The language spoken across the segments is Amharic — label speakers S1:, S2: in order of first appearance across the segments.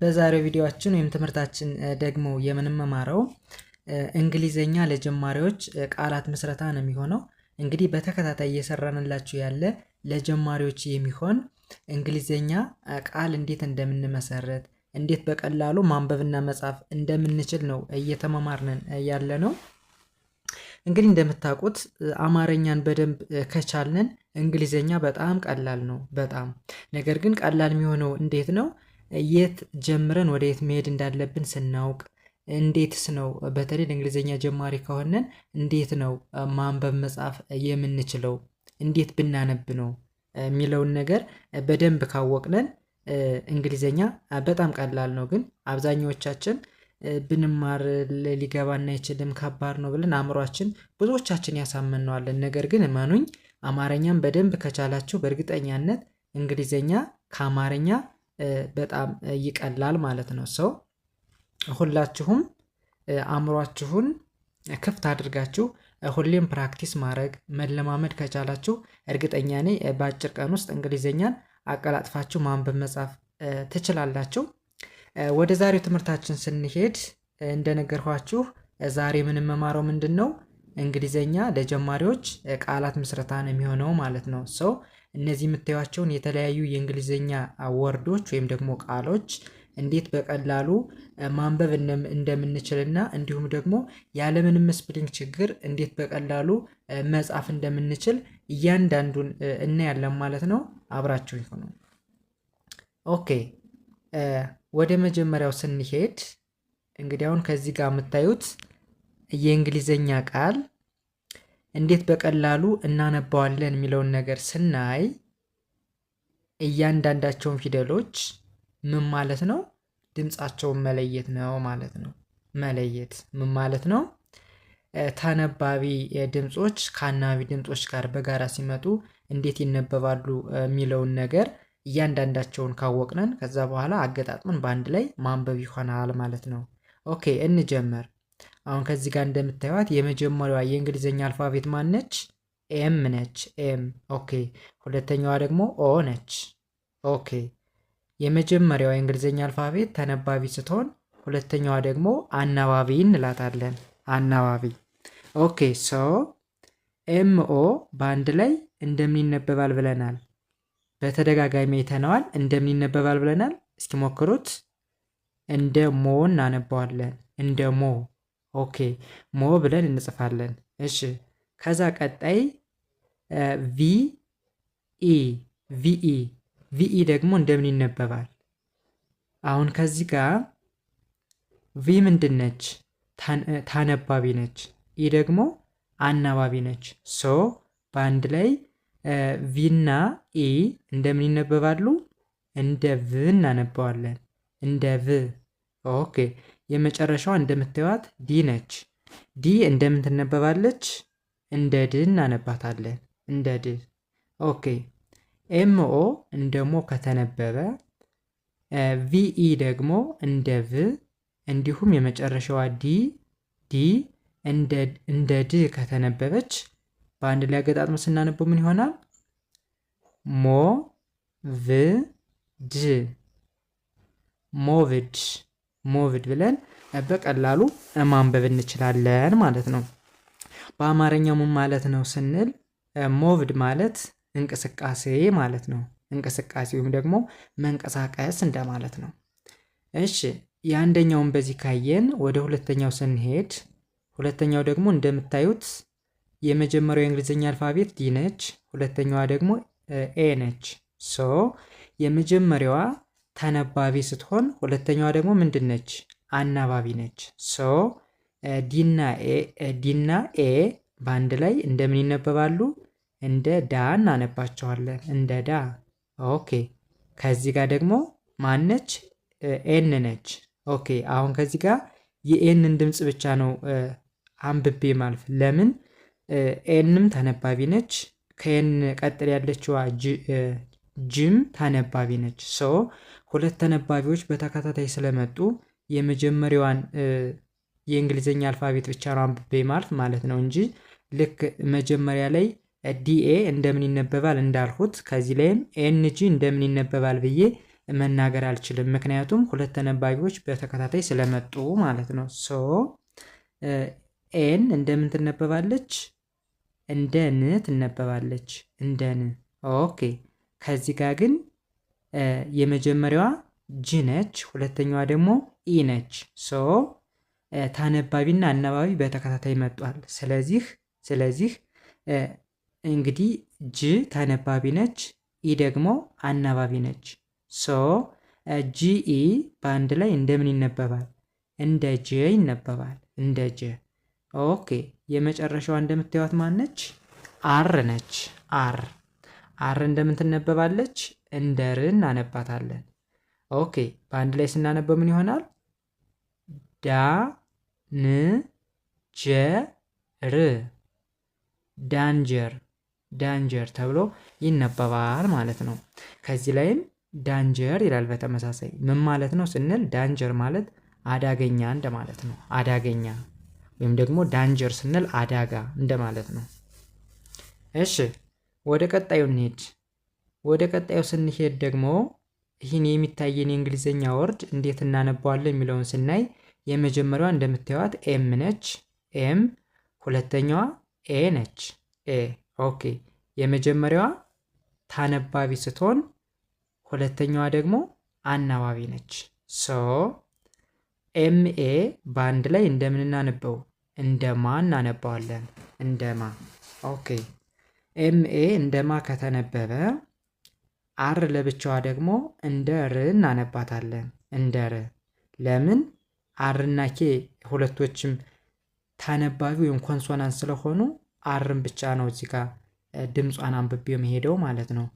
S1: በዛሬው ቪዲዮአችን ወይም ትምህርታችን ደግሞ የምንመማረው እንግሊዘኛ ለጀማሪዎች ቃላት ምስረታ ነው የሚሆነው። እንግዲህ በተከታታይ እየሰራንላችሁ ያለ ለጀማሪዎች የሚሆን እንግሊዘኛ ቃል እንዴት እንደምንመሰርት እንዴት በቀላሉ ማንበብና መጻፍ እንደምንችል ነው እየተመማርነን ያለ ነው። እንግዲህ እንደምታውቁት አማርኛን በደንብ ከቻልንን እንግሊዘኛ በጣም ቀላል ነው። በጣም ነገር ግን ቀላል የሚሆነው እንዴት ነው? የት ጀምረን ወደ የት መሄድ እንዳለብን ስናውቅ እንዴትስ ነው በተለይ ለእንግሊዝኛ ጀማሪ ከሆነን እንዴት ነው ማንበብ መጻፍ የምንችለው እንዴት ብናነብ ነው የሚለውን ነገር በደንብ ካወቅነን እንግሊዝኛ በጣም ቀላል ነው። ግን አብዛኛዎቻችን ብንማር ሊገባን አይችልም ከባድ ነው ብለን አእምሯችን ብዙዎቻችን ያሳምነዋለን። ነገር ግን እመኑኝ አማርኛም በደንብ ከቻላችሁ በእርግጠኛነት እንግሊዝኛ ከአማርኛ በጣም ይቀላል ማለት ነው። ሰው ሁላችሁም አእምሯችሁን ክፍት አድርጋችሁ ሁሌም ፕራክቲስ ማድረግ መለማመድ ከቻላችሁ እርግጠኛ ነኝ በአጭር ቀን ውስጥ እንግሊዝኛን አቀላጥፋችሁ ማንበብ መጻፍ ትችላላችሁ። ወደ ዛሬው ትምህርታችን ስንሄድ እንደነገርኋችሁ ዛሬ የምንመማረው ምንድን ነው? እንግሊዘኛ ለጀማሪዎች ቃላት ምስረታን የሚሆነው ማለት ነው ሰው እነዚህ የምታዩቸውን የተለያዩ የእንግሊዝኛ ወርዶች ወይም ደግሞ ቃሎች እንዴት በቀላሉ ማንበብ እና እንዲሁም ደግሞ ያለምንም ስፕሊንግ ችግር እንዴት በቀላሉ መጻፍ እንደምንችል እያንዳንዱን እናያለን ማለት ነው። አብራችሁ ይሁኑ። ኦኬ፣ ወደ መጀመሪያው ስንሄድ እንግዲህ አሁን ከዚህ ጋር የምታዩት የእንግሊዝኛ ቃል እንዴት በቀላሉ እናነባዋለን የሚለውን ነገር ስናይ እያንዳንዳቸውን ፊደሎች ምን ማለት ነው? ድምፃቸውን መለየት ነው ማለት ነው። መለየት ምን ማለት ነው? ተነባቢ ድምፆች ከአናባቢ ድምፆች ጋር በጋራ ሲመጡ እንዴት ይነበባሉ የሚለውን ነገር እያንዳንዳቸውን ካወቅነን ከዛ በኋላ አገጣጥመን በአንድ ላይ ማንበብ ይሆናል ማለት ነው። ኦኬ እንጀምር። አሁን ከዚህ ጋር እንደምታዩት የመጀመሪያዋ የእንግሊዝኛ አልፋቤት ማን ነች? ኤም ነች። ኤም ኦኬ። ሁለተኛዋ ደግሞ ኦ ነች። ኦኬ። የመጀመሪያዋ የእንግሊዝኛ አልፋቤት ተነባቢ ስትሆን ሁለተኛዋ ደግሞ አናባቢ እንላታለን። አናባቢ ኦኬ። ሶ ኤም ኦ በአንድ ላይ እንደምን ይነበባል ብለናል። በተደጋጋሚ አይተነዋል። እንደምን ይነበባል ብለናል። እስኪ ሞክሩት። እንደ ሞ እናነባዋለን። እንደ ሞ ኦኬ ሞ ብለን እንጽፋለን። እሺ ከዛ ቀጣይ ቪ ኢ ቪኢ ቪኢ ደግሞ እንደምን ይነበባል? አሁን ከዚህ ጋር ቪ ምንድን ነች? ታነባቢ ነች። ኢ ደግሞ አናባቢ ነች። ሶ በአንድ ላይ ቪና ኢ እንደምን ይነበባሉ? እንደ ቭ እናነባዋለን። እንደ ቭ ኦኬ የመጨረሻዋ እንደምታዩት ዲ ነች። ዲ እንደምን ትነበባለች? እንደ ድ እናነባታለን። እንደ ድ። ኦኬ። ኤምኦ እንደ ሞ ከተነበበ ቪኢ ደግሞ እንደ ቭ እንዲሁም የመጨረሻዋ ዲ ዲ እንደ ድ ከተነበበች በአንድ ላይ አገጣጥሞ ስናነበው ምን ይሆናል? ሞ ቭ ድ ሞቭድ? ሞቭድ ብለን በቀላሉ ማንበብ እንችላለን ማለት ነው። በአማርኛው ምን ማለት ነው ስንል ሞቭድ ማለት እንቅስቃሴ ማለት ነው። እንቅስቃሴ ወይም ደግሞ መንቀሳቀስ እንደማለት ነው። እሺ የአንደኛውን በዚህ ካየን ወደ ሁለተኛው ስንሄድ፣ ሁለተኛው ደግሞ እንደምታዩት የመጀመሪያው የእንግሊዝኛ አልፋቤት ዲ ነች፣ ሁለተኛዋ ደግሞ ኤ ነች። ሶ የመጀመሪያዋ ተነባቢ ስትሆን ሁለተኛዋ ደግሞ ምንድን ነች? አናባቢ ነች። ሶ ዲና ኤ በአንድ ላይ እንደምን ይነበባሉ? እንደ ዳ እናነባቸዋለን። እንደ ዳ። ኦኬ። ከዚህ ጋር ደግሞ ማነች? ኤን ነች። ኦኬ። አሁን ከዚህ ጋር የኤንን ድምፅ ብቻ ነው አንብቤ ማልፍ ለምን ኤንም ተነባቢ ነች። ከኤን ቀጥል ያለችዋ ጅም ተነባቢ ነች። ሶ ሁለት ተነባቢዎች በተከታታይ ስለመጡ የመጀመሪያዋን የእንግሊዝኛ አልፋቤት ብቻ ነው አንብቤ ማለት ነው እንጂ ልክ መጀመሪያ ላይ ዲኤ እንደምን ይነበባል እንዳልሁት ከዚህ ላይም ኤንጂ እንደምን ይነበባል ብዬ መናገር አልችልም። ምክንያቱም ሁለት ተነባቢዎች በተከታታይ ስለመጡ ማለት ነው። ሶ ኤን እንደምን ትነበባለች? እንደ ን ትነበባለች። እንደ ን ኦኬ ከዚህ ጋር ግን የመጀመሪያዋ ጅ ነች፣ ሁለተኛዋ ደግሞ ኢ ነች። ሶ ታነባቢና አናባቢ በተከታታይ መጧል። ስለዚህ ስለዚህ እንግዲህ ጅ ታነባቢ ነች፣ ኢ ደግሞ አናባቢ ነች። ሶ ጂ ኢ በአንድ ላይ እንደምን ይነበባል? እንደ ጀ ይነበባል። እንደ ጀ። ኦኬ የመጨረሻዋ እንደምታዩት ማን ነች? አር ነች። አር አር እንደምን ትነበባለች? እንደ ር እናነባታለን። ኦኬ በአንድ ላይ ስናነበብ ምን ይሆናል? ዳ ን ጀ ር ዳንጀር ዳንጀር ተብሎ ይነበባል ማለት ነው። ከዚህ ላይም ዳንጀር ይላል። በተመሳሳይ ምን ማለት ነው ስንል ዳንጀር ማለት አዳገኛ እንደማለት ነው። አዳገኛ ወይም ደግሞ ዳንጀር ስንል አዳጋ እንደማለት ነው። እሺ ወደ ቀጣዩ እንሄድ። ወደ ቀጣዩ ስንሄድ ደግሞ ይህን የሚታየን የእንግሊዝኛ ወርድ እንዴት እናነባዋለን የሚለውን ስናይ የመጀመሪያዋ እንደምታዩት ኤም ነች። ኤም ሁለተኛዋ ኤ ነች። ኤ ኦኬ። የመጀመሪያዋ ታነባቢ ስትሆን ሁለተኛዋ ደግሞ አናባቢ ነች። ሶ ኤም ኤ በአንድ ላይ እንደምን እናነበው? እንደማ እናነባዋለን። እንደማ ኦኬ ኤምኤ እንደ ማ ከተነበበ አር ለብቻዋ ደግሞ እንደ ር እናነባታለን። እንደ ር ለምን? አርና ኬ ሁለቶችም ታነባቢ ወይም ኮንሶናንት ስለሆኑ አርን ብቻ ነው እዚህ ጋር ድምጿን አንብቤ መሄደው ማለት ነው።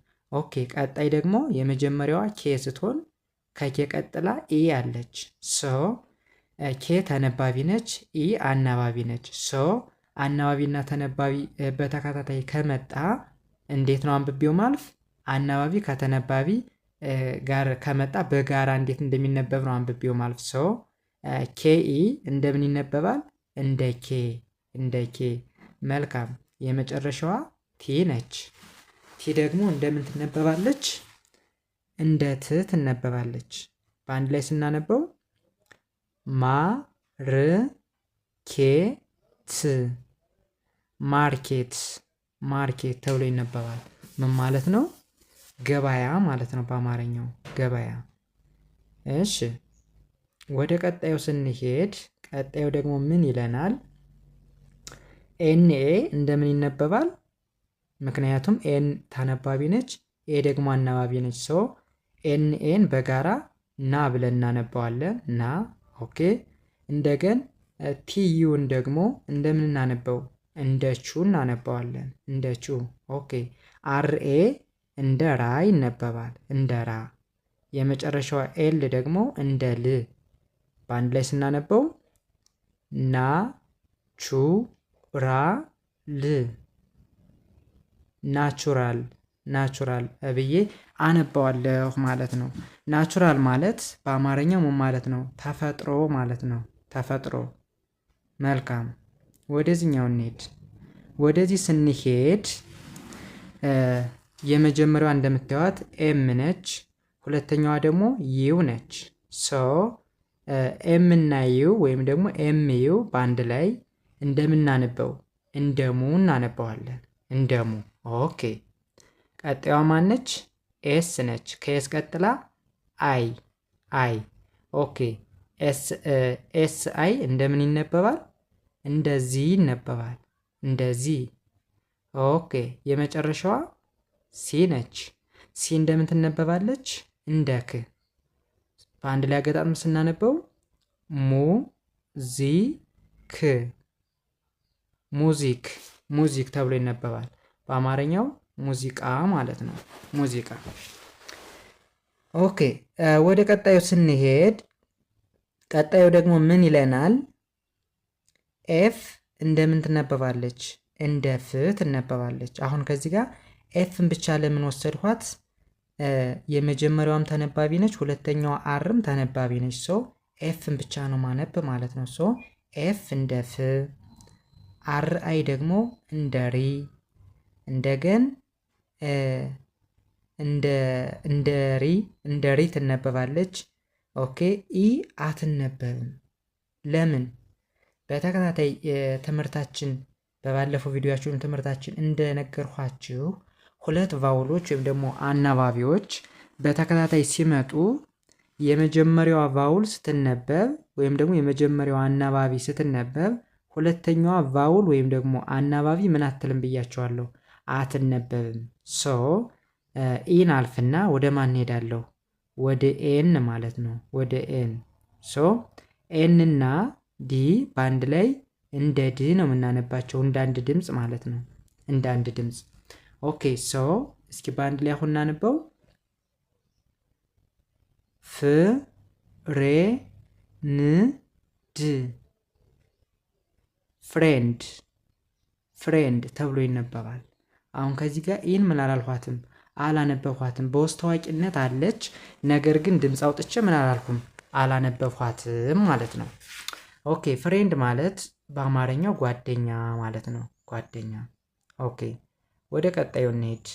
S1: ኦኬ ቀጣይ ደግሞ የመጀመሪያዋ ኬ ስትሆን ከኬ ቀጥላ ኢ አለች። ሶ ኬ ተነባቢ ነች፣ ኢ አናባቢ ነች። ሶ አናባቢና ተነባቢ በተከታታይ ከመጣ እንዴት ነው አንብቤው ማለፍ? አናባቢ ከተነባቢ ጋር ከመጣ በጋራ እንዴት እንደሚነበብ ነው አንብቤው ማለፍ። ሰው ኬኢ እንደምን ይነበባል? እንደ ኬ እንደ ኬ። መልካም የመጨረሻዋ ቲ ነች። ቲ ደግሞ እንደምን ትነበባለች? እንደ ት ትነበባለች። በአንድ ላይ ስናነበው ማ ር ኬ ማርኬት ማርኬት ተብሎ ይነበባል። ምን ማለት ነው? ገበያ ማለት ነው በአማርኛው ገበያ። እሺ ወደ ቀጣዩ ስንሄድ ቀጣዩ ደግሞ ምን ይለናል? ኤንኤ እንደምን ይነበባል? ምክንያቱም ኤን ታነባቢ ነች፣ ኤ ደግሞ አናባቢ ነች። ሰው ኤንኤን በጋራ ና ብለን እናነባዋለን። ና ኦኬ። እንደገን ቲዩን ደግሞ እንደምን እናነበው? እንደ ቹ እናነባዋለን። እንደ ቹ። ኦኬ። አርኤ እንደ ራ ይነበባል። እንደ ራ። የመጨረሻዋ ኤል ደግሞ እንደ ል። በአንድ ላይ ስናነበው ና ቹ ራ ል ናቹራል ናቹራል ብዬ አነባዋለሁ ማለት ነው። ናቹራል ማለት በአማርኛው ምን ማለት ነው? ተፈጥሮ ማለት ነው። ተፈጥሮ መልካም ወደዚህኛው እንሄድ። ወደዚህ ስንሄድ የመጀመሪያዋ እንደምታዩት ኤም ነች። ሁለተኛዋ ደግሞ ዩ ነች። ሶ ኤም እና ዩ ወይም ደግሞ ኤም ዩ በአንድ ላይ እንደምናነበው እንደሙ እናነበዋለን እንደሙ። ኦኬ። ቀጣዩዋ ማነች? ኤስ ነች። ከኤስ ቀጥላ አይ አይ። ኦኬ። ኤስ አይ እንደምን ይነበባል? እንደዚህ ይነበባል። እንደዚህ። ኦኬ የመጨረሻዋ ሲ ነች። ሲ እንደምን ትነበባለች? እንደ ክ። በአንድ ላይ አገጣጥም ስናነበው ሙ ዚ ክ ሙዚክ ሙዚክ ተብሎ ይነበባል። በአማርኛው ሙዚቃ ማለት ነው። ሙዚቃ። ኦኬ ወደ ቀጣዩ ስንሄድ ቀጣዩ ደግሞ ምን ይለናል? ኤፍ እንደምን ትነበባለች? እንደ ፍ ትነበባለች። አሁን ከዚህ ጋር ኤፍን ብቻ ለምን ወሰድኋት? የመጀመሪያዋም ተነባቢ ነች፣ ሁለተኛዋ አርም ተነባቢ ነች። ሶ ኤፍን ብቻ ነው ማነብ ማለት ነው። ሶ ኤፍ እንደ ፍ፣ አር አይ ደግሞ እንደ ሪ፣ እንደገን እንደ ሪ እንደ ሪ ትነበባለች። ኦኬ ኢ አትነበብም። ለምን በተከታታይ ትምህርታችን በባለፈው ቪዲዮችን ትምህርታችን እንደነገርኳችሁ ሁለት ቫውሎች ወይም ደግሞ አናባቢዎች በተከታታይ ሲመጡ የመጀመሪያዋ ቫውል ስትነበብ ወይም ደግሞ የመጀመሪያው አናባቢ ስትነበብ ሁለተኛዋ ቫውል ወይም ደግሞ አናባቢ ምን አትልም ብያቸዋለሁ፣ አትነበብም። ሶ ኢን አልፍና ወደ ማን ሄዳለሁ? ወደ ኤን ማለት ነው። ወደ ኤን ሶ ኤንና ዲ በአንድ ላይ እንደ ድ ነው የምናነባቸው፣ እንደ አንድ ድምፅ ማለት ነው። እንደ አንድ ድምፅ። ኦኬ ሶ እስኪ በአንድ ላይ አሁን እናነበው። ፍ ሬ ን ድ ፍሬንድ ፍሬንድ ተብሎ ይነበባል። አሁን ከዚህ ጋር ኢን ምን አላልኋትም አላነበብኋትም። በውስጥ ታዋቂነት አለች፣ ነገር ግን ድምፅ አውጥቼ ምን አላልኩም አላነበብኋትም ማለት ነው። ኦኬ ፍሬንድ ማለት በአማርኛው ጓደኛ ማለት ነው። ጓደኛ። ኦኬ ወደ ቀጣዩ እንሄድ።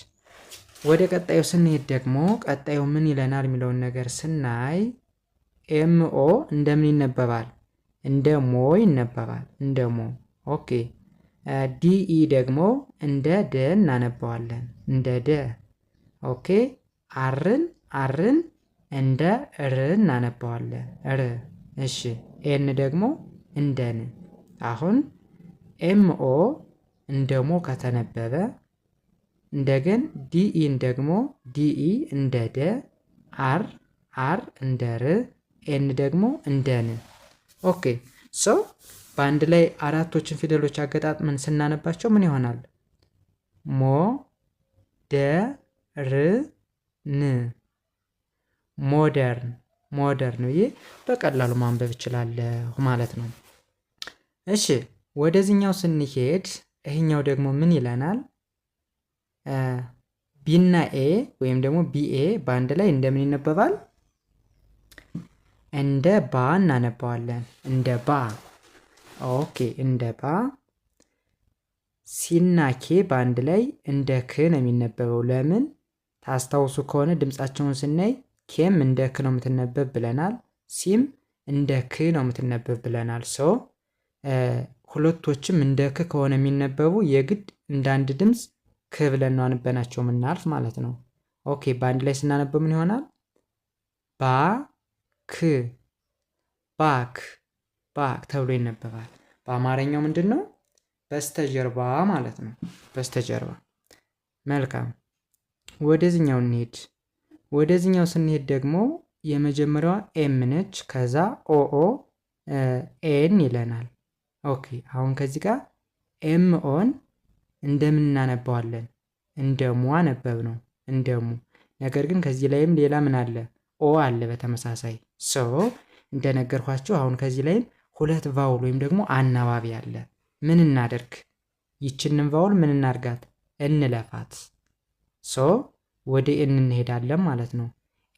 S1: ወደ ቀጣዩ ስንሄድ ደግሞ ቀጣዩ ምን ይለናል የሚለውን ነገር ስናይ ኤምኦ እንደምን ይነበባል? እንደ ሞ ይነበባል። እንደ ሞ። ኦኬ ዲኢ ደግሞ እንደ ደ እናነበዋለን። እንደ ደ። ኦኬ አርን አርን እንደ ር እናነበዋለን። ር። እሺ ኤን ደግሞ እንደ ን። አሁን ኤምኦ እንደ ሞ ከተነበበ እንደገን ዲኢን ደግሞ ዲኢ እንደ ደ፣ አር አር እንደ ር፣ ኤን ደግሞ እንደ ን። ኦኬ ሶ በአንድ ላይ አራቶችን ፊደሎች አገጣጥመን ስናነባቸው ምን ይሆናል? ሞ ደ ር ን ሞደርን ሞደርን ብዬ በቀላሉ ማንበብ እችላለሁ ማለት ነው። እሺ ወደዚህኛው ስንሄድ ይህኛው ደግሞ ምን ይለናል? ቢና ኤ ወይም ደግሞ ቢኤ በአንድ ላይ እንደምን ይነበባል? እንደ ባ እናነባዋለን። እንደ ባ ኦኬ፣ እንደ ባ። ሲና ኬ በአንድ ላይ እንደ ክ ነው የሚነበበው። ለምን ታስታውሱ ከሆነ ድምፃቸውን ስናይ ኬም እንደ ክ ነው የምትነበብ ብለናል። ሲም እንደ ክ ነው የምትነበብ ብለናል። ሶ ሁለቶችም እንደ ክ ከሆነ የሚነበቡ የግድ እንደ አንድ ድምፅ ክ ብለን ነው አንበናቸው የምናልፍ ማለት ነው። ኦኬ በአንድ ላይ ስናነበብ ምን ይሆናል? ባክ ባክ ባክ ተብሎ ይነበባል። በአማርኛው ምንድን ነው? በስተጀርባ ማለት ነው። በስተጀርባ። መልካም ወደዚህኛው እንሄድ። ወደዚህኛው ስንሄድ ደግሞ የመጀመሪያዋ ኤም ነች። ከዛ ኦኦ ኤን ይለናል። ኦኬ አሁን ከዚህ ጋር ኤም ኦን እንደምናነባዋለን እንደ ሙ አነበብ ነው እንደ ሙ። ነገር ግን ከዚህ ላይም ሌላ ምን አለ? ኦ አለ በተመሳሳይ ሶ እንደነገርኳችሁ አሁን ከዚህ ላይም ሁለት ቫውል ወይም ደግሞ አናባቢ አለ። ምን እናደርግ? ይችንን ቫውል ምን እናርጋት? እንለፋት ሶ ወደ ኤን እንሄዳለን ማለት ነው።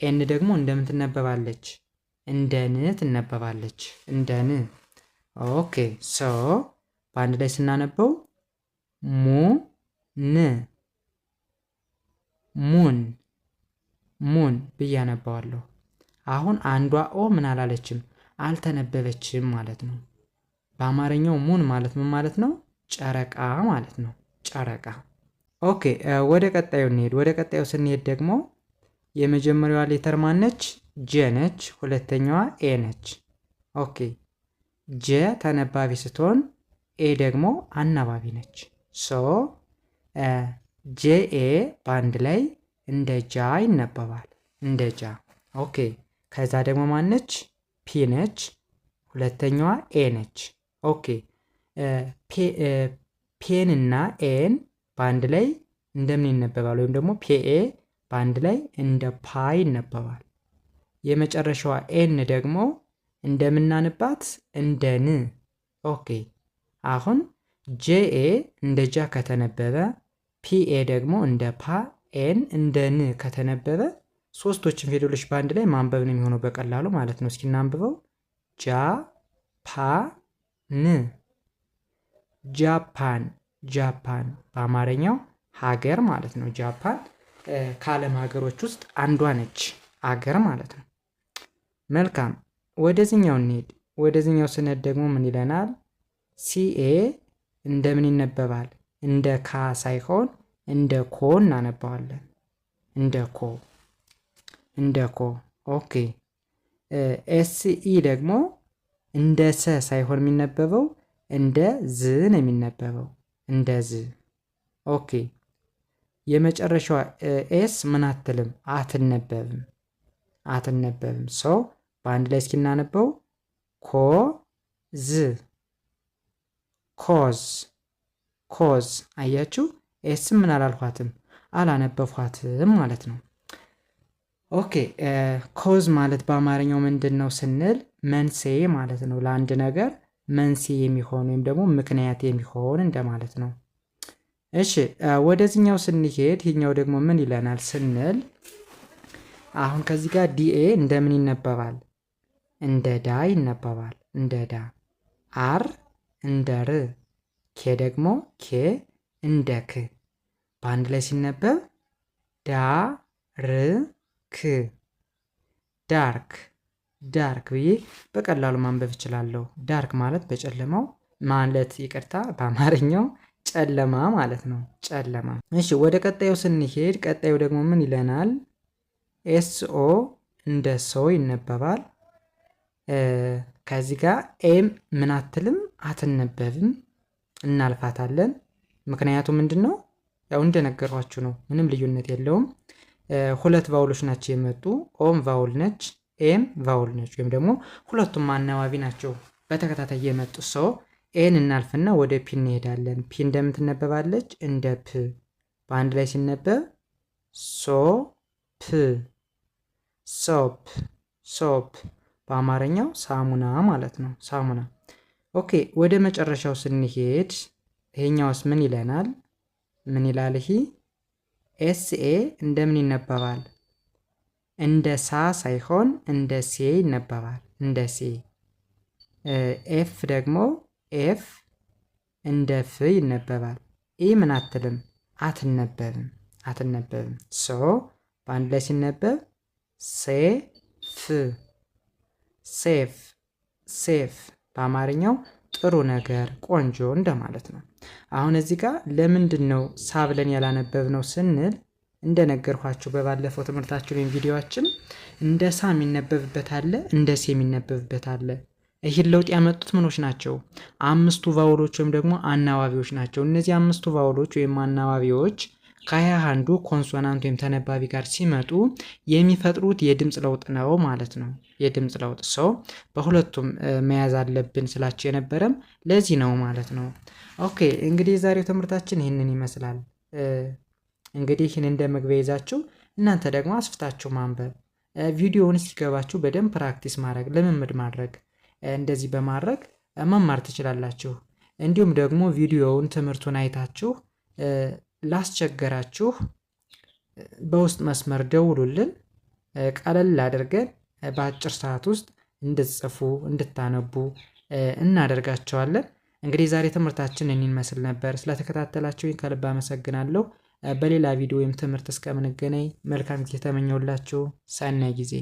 S1: ኤን ደግሞ እንደምን ትነበባለች? እንደ ን ትነበባለች። እንደ ን። ኦኬ ሶ በአንድ ላይ ስናነበው ሙ ን ሙን ሙን ብያነባዋለሁ። አሁን አንዷ ኦ ምን አላለችም አልተነበበችም ማለት ነው። በአማርኛው ሙን ማለት ምን ማለት ነው? ጨረቃ ማለት ነው። ጨረቃ ኦኬ ወደ ቀጣዩ እንሄድ። ወደ ቀጣዩ ስንሄድ ደግሞ የመጀመሪያዋ ሌተር ማነች? ጄ ነች። ሁለተኛዋ ኤ ነች። ኦኬ ጄ ተነባቢ ስትሆን ኤ ደግሞ አናባቢ ነች። ሶ ጄ ኤ በአንድ ላይ እንደ ጃ ይነበባል። እንደ ጃ። ኦኬ ከዛ ደግሞ ማነች? ፒ ነች። ሁለተኛዋ ኤ ነች። ኦኬ ፔን እና ኤን በአንድ ላይ እንደምን ይነበባል? ወይም ደግሞ ፒኤ በአንድ ላይ እንደ ፓ ይነበባል። የመጨረሻዋ ኤን ደግሞ እንደምናንባት እንደ ን። ኦኬ አሁን ጄኤ እንደ ጃ ከተነበበ ፒኤ ደግሞ እንደ ፓ፣ ኤን እንደ ን ከተነበበ ሶስቶችን ፊደሎች በአንድ ላይ ማንበብ ነው የሚሆነው በቀላሉ ማለት ነው። እስኪ እናንብበው። ጃ ፓ ን ጃፓን ጃፓን በአማርኛው ሀገር ማለት ነው። ጃፓን ከዓለም ሀገሮች ውስጥ አንዷ ነች፣ አገር ማለት ነው። መልካም ወደዚኛው እንሄድ። ወደዚኛው ስነድ ደግሞ ምን ይለናል? ሲኤ እንደምን ይነበባል? እንደ ካ ሳይሆን እንደ ኮ እናነባዋለን። እንደ ኮ እንደ ኮ። ኦኬ። ኤስኢ ደግሞ እንደ ሰ ሳይሆን የሚነበበው እንደ ዝ ነው የሚነበበው እንደዚህ ኦኬ። የመጨረሻዋ ኤስ ምን አትልም አትነበብም አትነበብም። ሰው በአንድ ላይ እስኪናነበው ኮ ዝ ኮዝ ኮዝ። አያችሁ ኤስም ምን አላልኋትም አላነበብኋትም ማለት ነው። ኦኬ ኮዝ ማለት በአማርኛው ምንድን ነው ስንል መንስኤ ማለት ነው ለአንድ ነገር መንስኤ የሚሆን ወይም ደግሞ ምክንያት የሚሆን እንደማለት ነው። እሺ ወደዚህኛው ስንሄድ ይህኛው ደግሞ ምን ይለናል ስንል አሁን ከዚህ ጋር ዲኤ እንደምን ይነበባል? እንደ ዳ ይነበባል። እንደ ዳ አር እንደ ር ኬ ደግሞ ኬ እንደ ክ በአንድ ላይ ሲነበብ ዳ ር ክ ዳርክ ዳርክ ብዬ በቀላሉ ማንበብ እችላለሁ። ዳርክ ማለት በጨለማው ማለት ይቅርታ በአማርኛው ጨለማ ማለት ነው። ጨለማ። እሺ ወደ ቀጣዩ ስንሄድ ቀጣዩ ደግሞ ምን ይለናል? ኤስኦ እንደ ሶ ይነበባል። ከዚህ ጋር ኤም ምን አትልም አትነበብም፣ እናልፋታለን። ምክንያቱ ምንድን ነው? ያው እንደነገሯችሁ ነው። ምንም ልዩነት የለውም። ሁለት ቫውሎች ናቸው የመጡ ኦም ቫውል ነች። ኤም ቫውል ነች ወይም ደግሞ ሁለቱም አናባቢ ናቸው በተከታታይ የመጡ ሰው ኤን እናልፍና ወደ ፒ እንሄዳለን። ፒ እንደምትነበባለች እንደ ፕ በአንድ ላይ ሲነበብ ሶ ፕ ሶፕ ሶፕ በአማርኛው ሳሙና ማለት ነው። ሳሙና። ኦኬ ወደ መጨረሻው ስንሄድ ይሄኛውስ ምን ይለናል? ምን ይላል? ይሄ ኤስኤ እንደምን ይነበባል? እንደ ሳ ሳይሆን እንደ ሴ ይነበባል። እንደ ሴ። ኤፍ ደግሞ ኤፍ እንደ ፍ ይነበባል። ኢ ምን አትልም? አትነበብም። አትነበብም። ሶ በአንድ ላይ ሲነበብ ሴ ፍ ሴፍ ሴፍ በአማርኛው ጥሩ ነገር ቆንጆ እንደማለት ነው። አሁን እዚህ ጋር ለምንድን ነው ሳ ብለን ያላነበብ ነው ስንል እንደነገርኳችሁ በባለፈው ትምህርታችን ወይም ቪዲዮችን እንደ ሳ የሚነበብበት አለ፣ እንደ ሴ የሚነበብበት አለ። ይህን ለውጥ ያመጡት ምኖች ናቸው? አምስቱ ቫውሎች ወይም ደግሞ አናባቢዎች ናቸው። እነዚህ አምስቱ ቫውሎች ወይም አናባቢዎች ከሀያ አንዱ ኮንሶናንት ወይም ተነባቢ ጋር ሲመጡ የሚፈጥሩት የድምፅ ለውጥ ነው ማለት ነው። የድምፅ ለውጥ ሰው በሁለቱም መያዝ አለብን ስላቸው የነበረም ለዚህ ነው ማለት ነው። ኦኬ እንግዲህ የዛሬው ትምህርታችን ይህንን ይመስላል። እንግዲህ ይህን እንደ መግቢያ ይዛችሁ እናንተ ደግሞ አስፍታችሁ ማንበብ ቪዲዮውን ሲገባችሁ በደንብ ፕራክቲስ ማድረግ ልምምድ ማድረግ እንደዚህ በማድረግ መማር ትችላላችሁ። እንዲሁም ደግሞ ቪዲዮውን ትምህርቱን አይታችሁ ላስቸገራችሁ በውስጥ መስመር ደውሉልን። ቀለል አድርገን በአጭር ሰዓት ውስጥ እንድትጽፉ እንድታነቡ እናደርጋቸዋለን። እንግዲህ ዛሬ ትምህርታችን እኔን ይመስል ነበር። ስለተከታተላችሁኝ ከልብ አመሰግናለሁ። በሌላ ቪዲዮ ወይም ትምህርት እስከምንገናኝ መልካም ጊዜ ተመኘሁላችሁ። ሰናይ ጊዜ